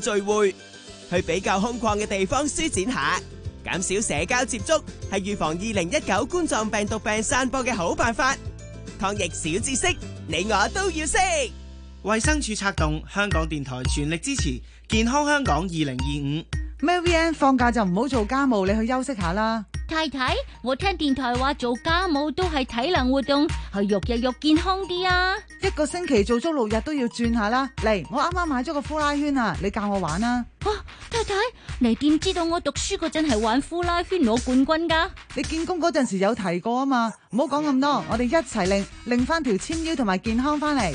聚會去比較空曠嘅地方舒展下，減少社交接觸係預防二零一九冠狀病毒病散播嘅好辦法。抗疫小知識，你我都要識。衛生署策動，香港電台全力支持，健康香港二零二五。Melvin 放假就唔好做家務，你去休息下啦。太太，我聽電台話做家務都係體能活動，係越日越健康啲啊！一個星期做足六日都要轉下啦。嚟，我啱啱買咗個呼啦圈啊，你教我玩啦。啊，太太，你點知道我讀書嗰陣係玩呼啦圈攞冠軍噶？你見工嗰陣時有提過啊嘛。唔好講咁多，我哋一齊擰擰翻條纖腰同埋健康翻嚟。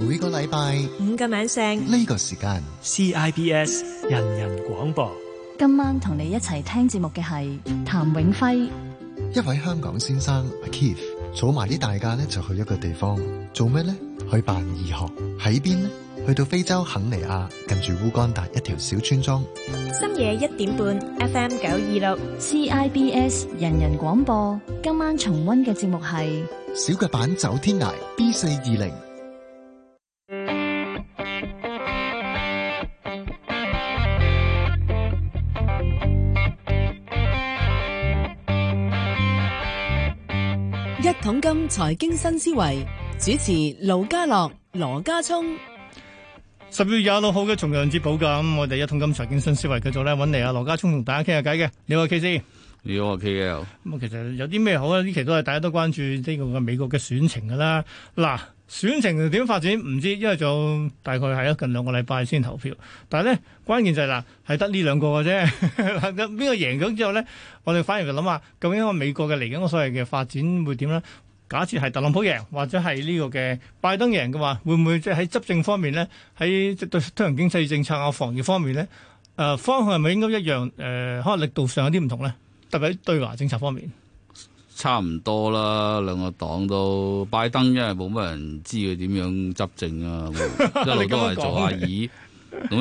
每個禮拜五個晚上呢個時間 CIBS 人人廣播。今晚同你一齊聽節目嘅係譚永輝，一位香港先生、阿 Keith，坐埋啲大家咧就去一個地方做咩咧？去辦義學，喺邊咧？去到非洲肯尼亞近住烏干達一條小村莊。深夜一點半，FM 九二六 CIBS 人人廣播。今晚重溫嘅節目係小腳板走天涯 B 四二零。桶金財經新思維主持盧家樂羅家聰，十月廿六號嘅重陽節寶鑑，我哋一桶金財經新思維繼續咧揾，嚟，阿羅家聰同大家傾下偈嘅，你好 K，先，你好 KL，咁其實有啲咩好咧？呢期都係大家都關注呢個嘅美國嘅選情噶啦，嗱。選情點發展唔知，因為仲大概係咯，近兩個禮拜先投票。但係咧，關鍵就係、是、嗱，係得呢兩個嘅啫。咁邊個贏咗之後咧，我哋反而就諗下，究竟個美國嘅嚟緊個所謂嘅發展會點咧？假設係特朗普贏，或者係呢個嘅拜登贏嘅話，會唔會即係喺執政方面咧，喺對推行經濟政策啊、防疫方面咧，誒、呃、方向係咪應該一樣？誒、呃，可能力度上有啲唔同咧，特別喺對華政策方面。差唔多啦，兩個黨都拜登，因為冇乜人知佢點樣執政啊， 一路都係 做阿耳，咁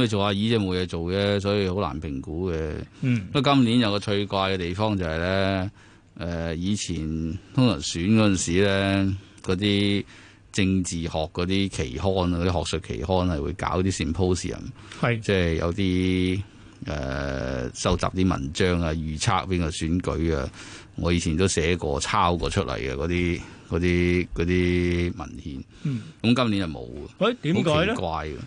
你做阿耳即冇嘢做嘅，所以好難評估嘅。不過、嗯、今年有個趣怪嘅地方就係、是、咧，誒、呃、以前通常選嗰陣時咧，嗰啲政治學嗰啲期刊啊，啲學術期刊啊，係會搞啲 symposium，即係有啲。誒、呃、收集啲文章啊，預測邊個選舉啊？我以前都寫過、抄過出嚟嘅嗰啲、啲、啲文獻。咁、嗯、今年就冇喎。喂、哎，點解咧？怪㗎呢，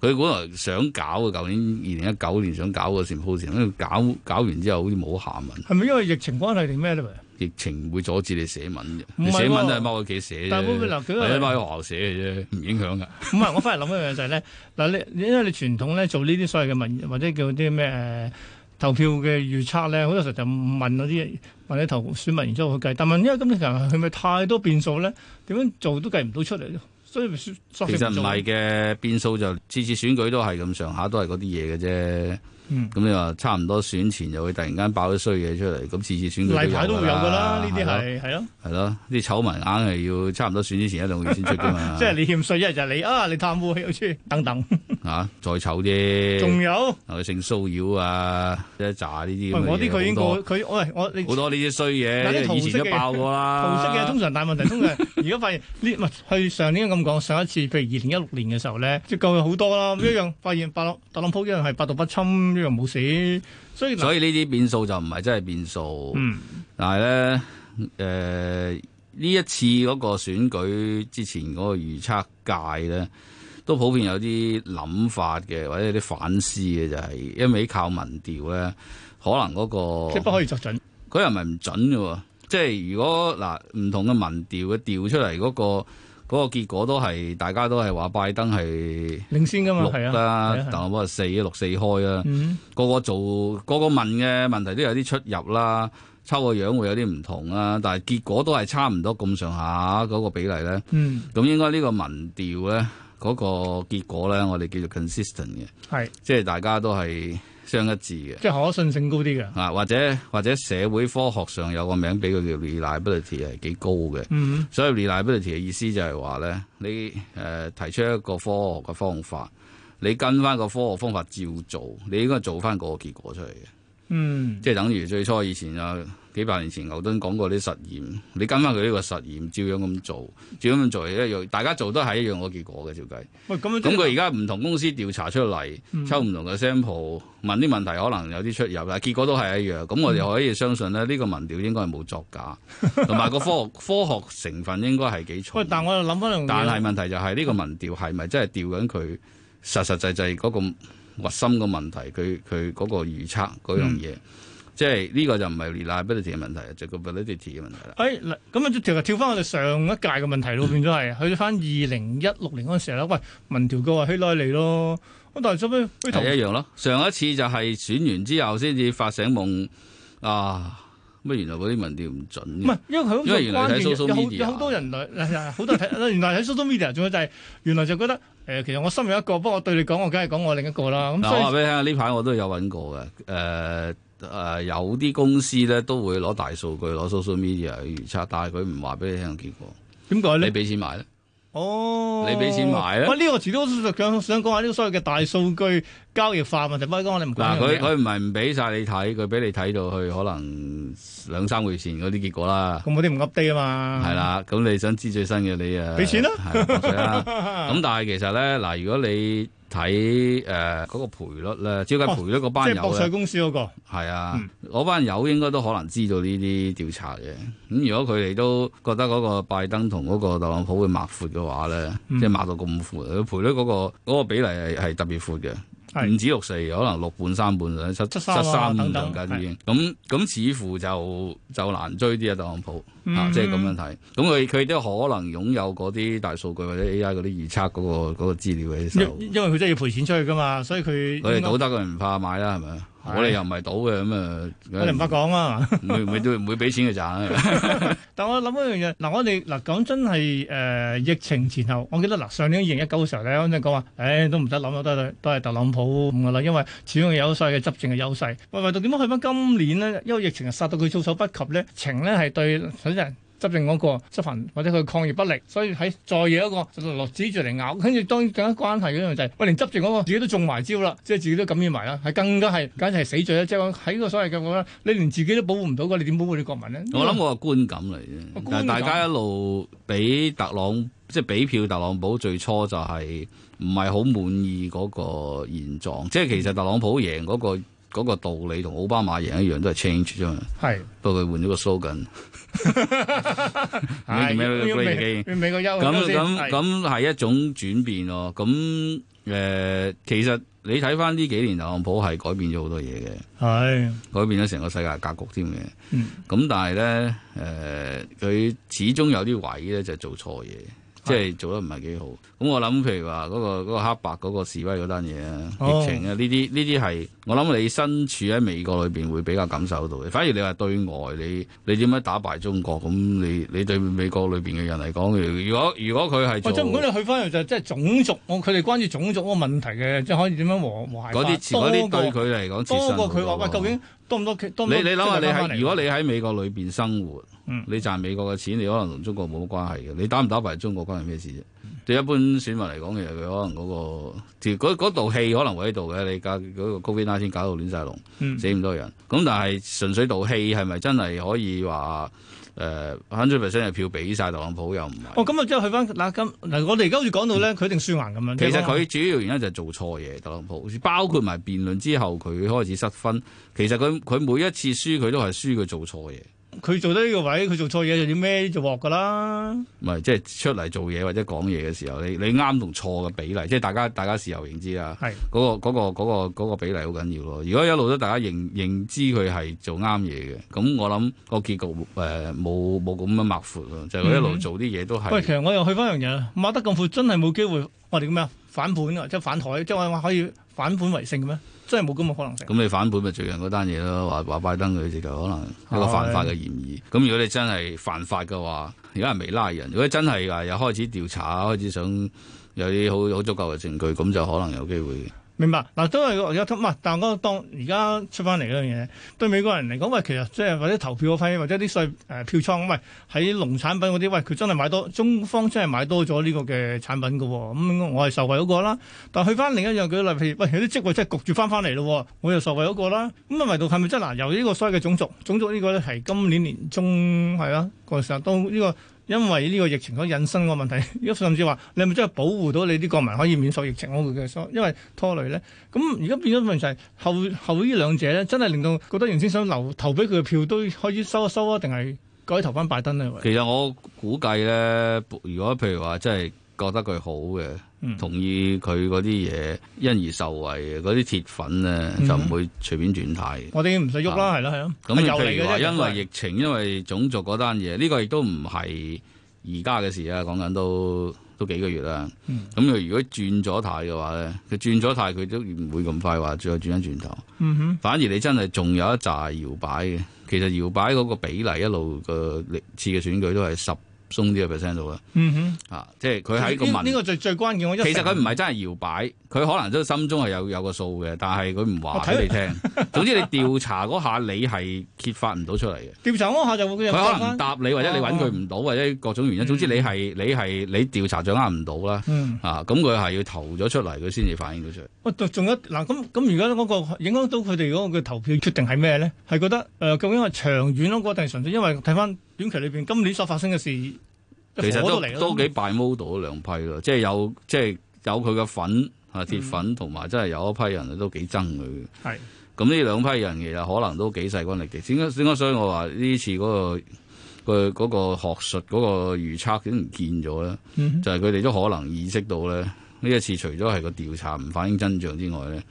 佢本來想搞嘅，舊年二零一九年想搞嘅，前鋪前，因搞搞完之後，好似冇下文。係咪因為疫情關係定咩咧？疫情會阻止你寫文嘅，寫文都係踎喺屋企寫啫，喺踎喺學校寫嘅啫，唔影響㗎。唔係，我翻嚟諗一樣就係、是、咧，嗱你 因為你傳統咧做呢啲所謂嘅文或者叫啲咩誒投票嘅預測咧，好多時候就問嗰啲問啲投選民然之後去計，但問因為咁你其實係咪太多變數咧？點樣做都計唔到出嚟，所以數數數其實唔係嘅變數就次、是、次選舉都係咁上下，都係嗰啲嘢嘅啫。嗯，咁你話差唔多選前就會突然間爆啲衰嘢出嚟，咁次次選例牌都會有㗎啦，呢啲係係咯，係咯，啲醜聞硬係要差唔多選之前一兩個月先出㗎嘛。即係你欠稅一日，你啊你貪污有啲等等吓，再醜啲，仲有啊性騷擾啊一紮呢啲。喂，我啲佢已經過，佢喂我好多呢啲衰嘢，但係以前都爆過啦。圖嘅通常大問題，通常如果發現呢，唔去上年咁講，上一次譬如二零一六年嘅時候呢，即夠係好多啦，一樣發現特朗普一樣係百毒不侵。呢冇死，所以所以數數、嗯、呢啲變數就唔係真係變數。但係咧誒，呢一次嗰個選舉之前嗰個預測界咧，都普遍有啲諗法嘅，或者有啲反思嘅、就係，就係、嗯、因為靠民調咧，可能嗰、嗰個不可以作準，佢又唔係唔準嘅。即係如果嗱唔同嘅民調，佢調出嚟嗰、嗰個。嗰個結果都係大家都係話拜登係領先㗎嘛，係啊，啊啊啊特朗普係四啊六四開啊、嗯，個個做個個問嘅問題都有啲出入啦，抽個樣會有啲唔同啦。但係結果都係差唔多咁上下嗰個比例咧，咁、嗯、應該呢個民調咧嗰、嗰個結果咧，我哋叫做 consistent 嘅，係是即係大家都係。相一致嘅，即係可信性高啲嘅。啊，或者或者社會科學上有個名俾佢叫 reliability 係幾高嘅。嗯哼，所以 reliability 嘅意思就係話咧，你誒、呃、提出一個科學嘅方法，你跟翻個科學方法照做，你應該做翻個結果出嚟嘅。嗯，即係等於最初以前啊，幾百年前牛頓講過啲實驗，你跟翻佢呢個實驗，照樣咁做，照樣咁做，一樣，大家做都係一樣個結果嘅，照計。喂，咁佢而家唔同公司調查出嚟，抽唔同嘅 sample，問啲問題，可能有啲出入啦，結果都係一樣，咁我哋可以相信咧，呢個民調應該係冇作假，同埋個科學 科學成分應該係幾重。喂，但係我又諗翻但係問題就係呢個民調係咪真係調緊佢實實際際嗰個？核心嘅問題，佢佢嗰個預測嗰樣嘢，嗯、即係呢、這個就唔係 reliability 嘅問題，就個 validity 嘅問題啦。誒咁啊，就跳翻我哋上一屆嘅問題咯，嗯、變咗係去翻二零一六年嗰陣時咧，喂，民調哥話希拉里咯，咁但係做咩？係一樣咯，上一次就係選完之後先至發醒夢啊！乜原來嗰啲文調唔準？唔係，因為佢好關鍵有，有有好多人來，好多睇。原來睇 social media 仲有就係、是、原來就覺得，誒、呃，其實我心有一個，不過我對你講，我梗係講我另一個啦。咁，我話俾你聽，呢排我都有揾過嘅，誒、呃、誒、呃，有啲公司咧都會攞大數據攞 social media 嚟預測，但係佢唔話俾你聽個結果。點解咧？你俾錢買咧？哦，你俾錢買呢啊！喂，呢個遲多想講下呢個所謂嘅大數據交易化問題。唔該，我哋唔嗱佢，佢唔係唔俾晒你睇，佢俾你睇到去可能兩三個月前嗰啲結果啦。咁嗰啲唔 update 啊嘛。係啦，咁你想知最新嘅你啊？俾錢啦，咁、啊、 但係其實咧嗱，如果你睇誒嗰個賠率咧，最近賠率嗰班友咧，哦、博彩公司嗰、嗰個，係啊，嗰、嗯、班友應該都可能知道呢啲調查嘅。咁、嗯、如果佢哋都覺得嗰個拜登同嗰個特朗普會抹闊嘅話咧，嗯、即係抹到咁闊，賠率嗰、嗰個嗰個比例係係特別闊嘅。五指六四，4, 可能六半三半，七七三半咁解先。咁似乎就就難追啲啊，特朗普嚇，即係咁樣睇。咁佢佢都可能擁有嗰啲大數據或者 AI 嗰啲預測嗰個嗰個資料嘅。因因為佢真係要賠錢出去㗎嘛，所以佢佢哋懂得佢唔怕買啦，係咪啊？我哋又唔係賭嘅，咁啊，我哋唔得講啊，唔會唔會都唔會俾錢嘅賺，啊。 但我諗一樣嘢，嗱我哋嗱講真係誒疫情前後，我記得嗱上年二零一九嘅時候咧，我哋講話，誒都唔使諗啦，都係都係特朗普㗎啦，因為始終有咗嘅執政嘅優勢。為為到點解去翻今年呢？因為疫情殺到佢措手不及呢，情咧係對等人。執政嗰個執犯或者佢抗疫不力，所以喺在野嗰個就落指住嚟咬，跟住當然更加關係嗰樣就係、是、喂，連執住嗰個自己都中埋招啦，即係自己都感染埋啦，係更加係簡直係死罪啦！即係喺個所謂嘅，我你連自己都保護唔到，你點保護啲國民呢？我諗我係觀感嚟嘅。啫、啊，大家一路俾特朗普即係俾票特朗普，最初就係唔係好滿意嗰個現狀，即係其實特朗普贏嗰、那個。嗰個道理同奧巴馬贏一樣，都係 change 啫嘛。係是不過佢換咗個 slogan。 是美國咁咁咁係一種轉變咯。咁誒、呃，其實你睇翻呢幾年，特朗普係改變咗好多嘢嘅。係是改變咗成個世界格局添嘅。咁、嗯、但係咧誒，佢、呃、始終有啲位咧，就係做錯嘢。即係做得唔係幾好，咁我諗譬如話嗰個嗰個黑白嗰個示威嗰單嘢啊，疫情啊，呢啲呢啲係我諗你身處喺美國裏邊會比較感受到嘅。反而你話對外，你你點樣打敗中國咁，你你對美國裏邊嘅人嚟講，如果如果佢係，我真唔覺得去翻就即係種族，我佢哋關於種族個問題嘅，即係可以點樣和和諧化，多過佢嚟講，多過佢話喂，究竟。多唔多？你你諗下，你係如果你喺美國裏邊生活，嗯、你賺美國嘅錢，你可能同中國冇乜關係嘅。你打唔打敗，中國關係咩事啫？嗯、對一般選民嚟講，其實佢可能嗰、嗰個條嗰嗰道戲可能會喺度嘅。你搞嗰個高燒拉先搞到亂晒龍，死咁多人。咁、嗯、但係純粹道戲係咪真係可以話？Hundred percent 嘅票俾晒特朗普又唔係。哦，咁、嗯、啊，即係去翻嗱，咁嗱，我哋而家好似講到咧，佢一定輸硬咁樣。其實佢主要原因就係做錯嘢，特朗普，好似包括埋辯論之後佢開始失分。其實佢佢每一次輸，佢都係輸佢做錯嘢。佢做得呢個位，佢做錯嘢就要孭就鑊噶啦。唔係即係出嚟做嘢或者講嘢嘅時候，你你啱同錯嘅比例，即係大家大家，大家事後認知啊，嗰是、嗰個嗰、嗰個嗰、嗰個、比例好緊要咯。如果一路都大家認認知佢係做啱嘢嘅，咁我諗個結局誒冇冇咁樣抹闊咯，就係、是、一路做啲嘢都係。喂、嗯，其實我又去翻樣嘢，抹得咁闊，真係冇機會我哋叫咩反盤啊，即係反台，即係我我可以反盤為勝咩？真係冇咁嘅可能性。咁你反本咪最近嗰單嘢咯，話話拜登佢直頭可能一個犯法嘅嫌疑。咁的如果你真係犯法嘅話，如果係未拉人。如果真係話又開始調查，開始想有啲好好足夠嘅證據，咁就可能有機會。明白嗱，都係有啲唔啊，但我覺得當而家出翻嚟嗰樣嘢，對美國人嚟講，喂，其實即、就、係、是、或者投票嘅費，或者啲稅誒票倉咁，喂，喺農產品嗰啲，喂，佢真係買多，中方真係買多咗呢個嘅產品嘅喎、哦，咁、嗯、我係受惠嗰個啦。但係去翻另一樣佢例，譬如喂，有啲職位真係焗住翻翻嚟咯，我又受惠嗰個啦。咁、嗯、啊，唯獨係咪真嗱、呃，由呢個所謂嘅種族，種族呢個咧係今年年中係啦，個時候、啊、都呢、這個。因為呢個疫情所引申個問題，如果甚至話你係咪真係保護到你啲國民可以免受疫情嗰個嘅疏，因為拖累咧，咁而家變咗問題，後後呢兩者咧，真係令到覺得原先想留投俾佢嘅票都可以收一收啊，定係改投翻拜登呢？其實我估計咧，如果譬如話真係。覺得佢好嘅，嗯、同意佢嗰啲嘢，因而受惠嗰啲鐵粉呢，嗯、哼就唔會隨便轉態。我哋唔使喐啦，係咯係咯。咁譬如話，因為疫情，因為種族嗰單嘢，呢、呢個亦都唔係而家嘅事啊。講緊都都幾個月啦。咁佢、嗯、如果轉咗態嘅話呢，佢轉咗態，佢都唔會咁快話再轉翻轉頭。嗯、哼反而你真係仲有一紮搖擺嘅。其實搖擺嗰個比例一路嘅歷次嘅選舉都係十鬆啲嘅 percent 度啦，嗯哼，啊，即係佢喺個問題呢、這個最最關鍵，其實佢唔係真係搖擺，佢可能都心中係有有個數嘅，但係佢唔話俾你聽。啊、總之你調查嗰下，你係揭發唔到出嚟嘅。調 查嗰下就佢可能唔答你，或者你揾佢唔到，啊、或者各種原因。總之你係你係你調查掌握唔到啦。嗯、啊，咁佢係要投咗出嚟，佢先至反映出、啊那個、到出。喂，仲有嗱咁咁，而家嗰個影響到佢哋嗰個嘅投票決定係咩咧？係覺得誒、呃，究竟係長遠咯，定係純粹因為睇翻。短期裏邊今年所發生嘅事，其實都都，都幾 buy model 兩批咯，即係有即係有佢嘅粉吓鐵粉，同埋、嗯、真係有一批人都幾憎佢嘅。係咁呢兩批人其實可能都幾勢均力敵嘅。點解？點解？所以我話呢次嗰、嗰個佢嗰、嗰個學術嗰個預測竟然唔見咗咧。嗯、哼就係佢哋都可能意識到咧，呢一次除咗係個調查唔反映真相之外咧，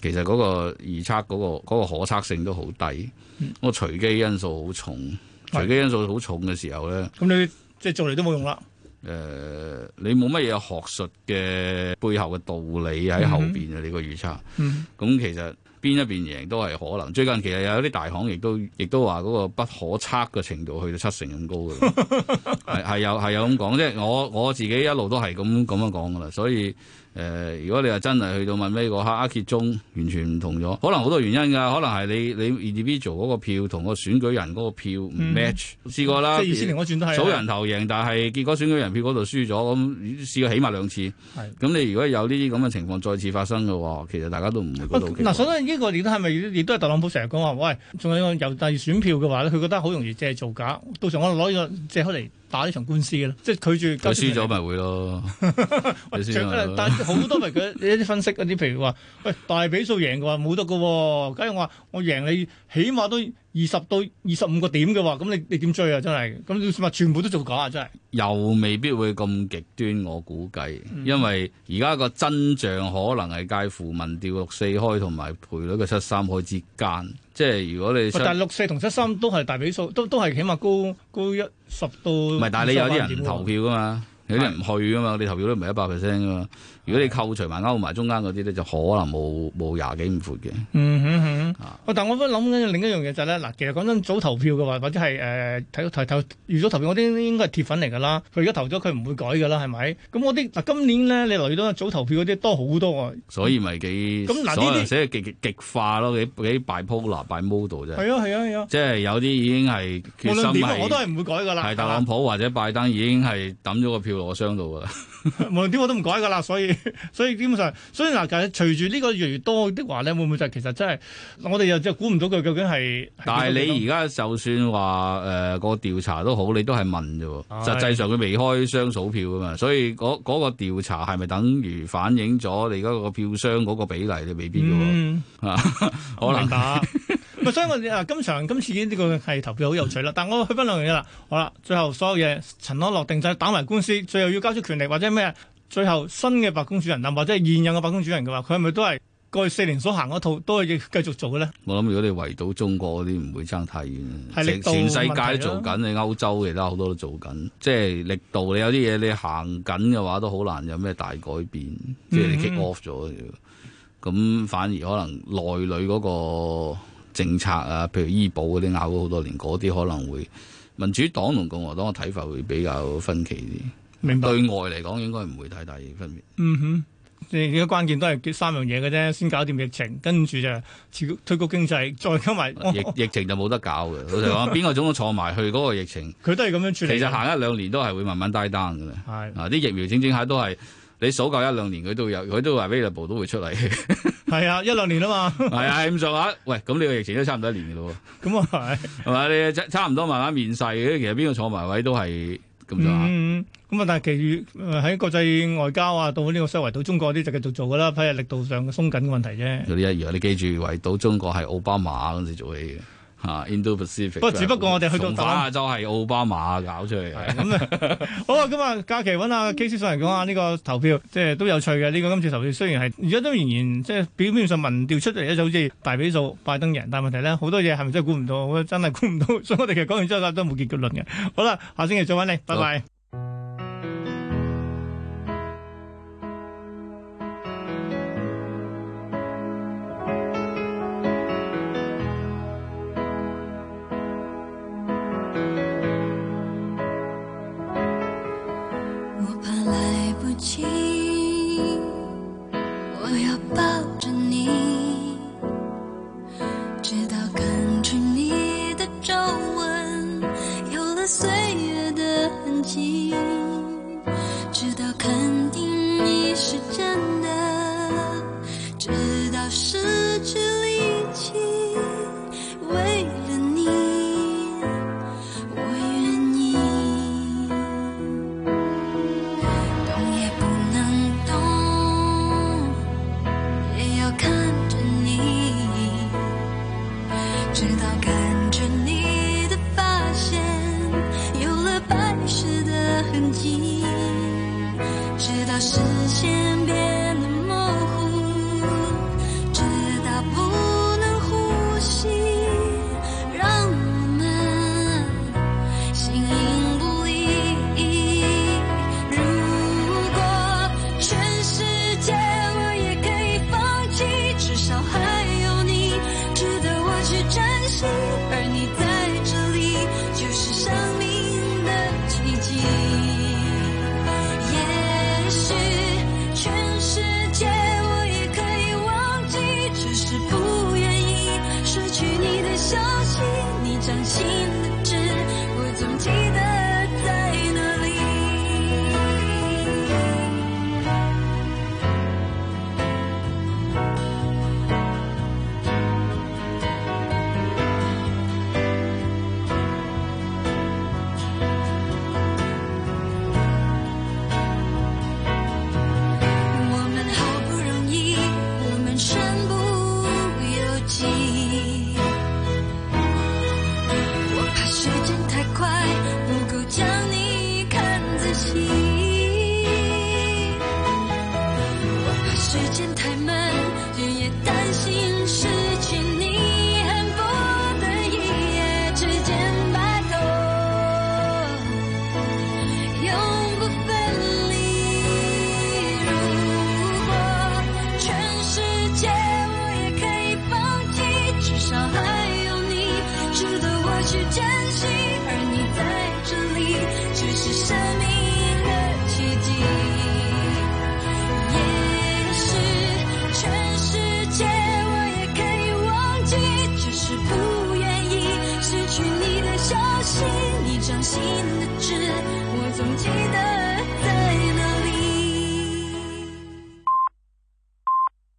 其實嗰個預測嗰個、嗰個可測性都好低，嗯、個隨機因素好重。隨機因素好重嘅時候咧，咁你即係做嚟都冇用啦。誒，你冇乜嘢學術嘅背後嘅道理喺後邊啊！嗯、哼你個預測，咁其實。嗯邊一邊贏都係可能，最近其實有啲大行亦都亦都話嗰個不可測嘅程度去到七成咁高，嘅係有係有咁講，即係我我自己一路都係咁咁樣講噶啦，所以誒，如果你話真係去到問咩個黑阿杰忠完全唔同咗，可能好多原因噶，可能係你你 individual 嗰個票同個選舉人嗰個票唔 match，試過啦，數人頭贏，但係結果選舉人票嗰度輸咗，咁試過起碼兩次，咁你如果有呢啲咁嘅情況再次發生嘅話，其實大家都唔會覺得。呢個亦都係咪亦都係特朗普成日講話，喂，仲有一個郵遞選票嘅話咧，佢覺得好容易借係造假。到時候我哋攞呢個借口嚟。打呢場官司嘅咯，即係拒絕。佢輸咗咪會咯？但係好多咪佢一啲分析嗰啲，譬如話喂，大比數贏嘅話冇得噶，哦，假如我我贏你起碼都二十到二十五個點嘅話，咁你你點追啊？真係咁，你全部都做假啊！真係又未必會咁極端，我估計，因為而家個真相可能係介乎民調六四開同埋賠率嘅七三開之間。即係如果你但六四同七三都係大比數，都都係起碼高高一。十到，唔係，但係你有啲人唔投票噶嘛，是的 有啲人唔去噶嘛，你投票都唔係一百 percent 噶嘛。如果你扣除埋、勾埋中間嗰啲咧，就可能冇冇廿幾咁闊嘅、嗯。嗯哼哼、嗯，但係我都諗緊另一樣嘢就係咧，嗱，其實講真，早投票嘅話，或者係誒睇睇睇預早投票嗰啲應該係鐵粉嚟㗎啦。佢而家投咗，佢唔會改㗎啦，係咪？咁我啲嗱今年咧，你留意到早投票嗰啲多好多喎、啊。所以咪幾咁嗱？呢啲寫極極,極,極化咯，幾幾 bipolar、bimodal 啫。係啊係啊係啊！即係、啊啊啊、有啲已經係決心係特朗普或者拜登已經係抌咗個票落箱度㗎啦。 無論點我都唔改㗎啦，所以。 所以基本上，所以嗱，隨住呢個越嚟越多的話咧，會唔會就係、其實真、就、係、係、我哋又就估唔到佢究竟係？但係你而家就算話誒個調查都好，你都係問啫，的實際上佢未開箱數票噶嘛，所以嗰嗰、嗰個調查係咪等於反映咗你而家個票箱嗰個比例你未必嘅吓，好難打，嗯、 可能吧。 所以我哋啊，今場今次已經呢個係投票好有趣啦。但我去翻兩樣嘢啦。好啦，最後所有嘢塵埃落定晒，打埋官司，最後要交出權力或者咩？最後新嘅白宮主人，或或者現任嘅白宮主人嘅話，佢係咪都係過去四年所行嗰套，都繼續做嘅咧？我諗如果你圍堵中國嗰啲，唔會差太遠。全世界都做緊，你歐洲其他好多都做緊，即係力度。你有啲嘢你行緊嘅話，都好難有咩大改變。嗯、即係你 kick off 咗，咁反而可能內裏嗰個政策啊，譬如醫保嗰啲拗咗好多年，嗰啲可能會民主黨同共和黨嘅睇法會比較分歧啲。明白對外嚟講，應該唔會太大嘅分別。嗯哼，你而家關鍵都係三樣嘢嘅啫，先搞掂疫情，跟住就持推推谷經濟，再加埋、哦、疫疫情就冇得搞嘅。 老實講邊個總都坐埋去嗰個疫情，佢都係咁樣處理。其實行一兩年都係會慢慢 die down 嘅。的啊，啲疫苗整整下都係你數夠一兩年，佢都有，佢都話 available 都會出嚟。係 啊，一兩年啊嘛。係 啊，咁上下。喂，咁呢個疫情都差唔多一年嘅咯。咁啊係。係嘛，你差唔多慢慢面世嘅。其實邊個坐埋位都係。咁就嗯，咁、嗯、啊！但係其餘喺、呃、國際外交啊，到呢個所謂圍堵中國啲就繼續做㗎啦，批日力度上鬆緊嘅問題啫。嗰啲一樣，你記住圍堵中國係奧巴馬嗰陣時做起嘅。啊、uh, Indo-Pacific 不過，就是、只不過我哋去到反亞洲係奧巴馬搞出嚟。係咁啊， 好啊，今日假期揾阿 KC 上嚟講下呢、呢個投票，即係都有趣嘅。呢、呢個今次投票雖然係而家都仍然即係表面上民調出嚟咧，就好似大比數拜登贏。但係問題咧，好多嘢係咪真係估唔到？我真係估唔到。所以我哋其實講完之後都冇結結論嘅。好啦，下星期再揾你，拜拜。